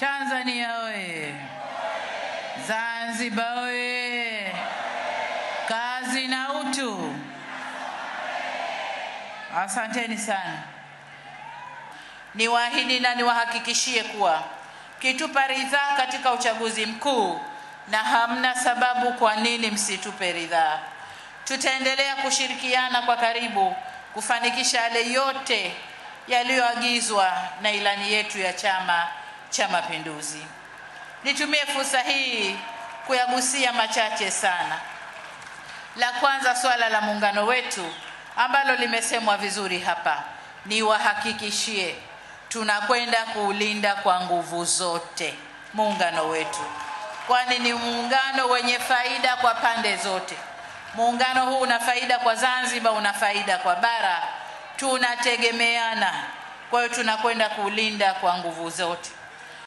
Tanzania oye! Zanzibar oye! Kazi na utu. Asanteni sana. Niwaahidi na niwahakikishie kuwa kitupa ridhaa katika uchaguzi mkuu, na hamna sababu kwa nini msitupe ridhaa, tutaendelea kushirikiana kwa karibu kufanikisha yale yote yaliyoagizwa na ilani yetu ya chama cha Mapinduzi. Nitumie fursa hii kuyagusia machache sana. La kwanza, swala la muungano wetu ambalo limesemwa vizuri hapa, niwahakikishie tunakwenda kuulinda kwa nguvu zote muungano wetu, kwani ni muungano wenye faida kwa pande zote. Muungano huu una faida kwa Zanzibar, una faida kwa bara, tunategemeana. Kwa hiyo tunakwenda kuulinda kwa nguvu zote.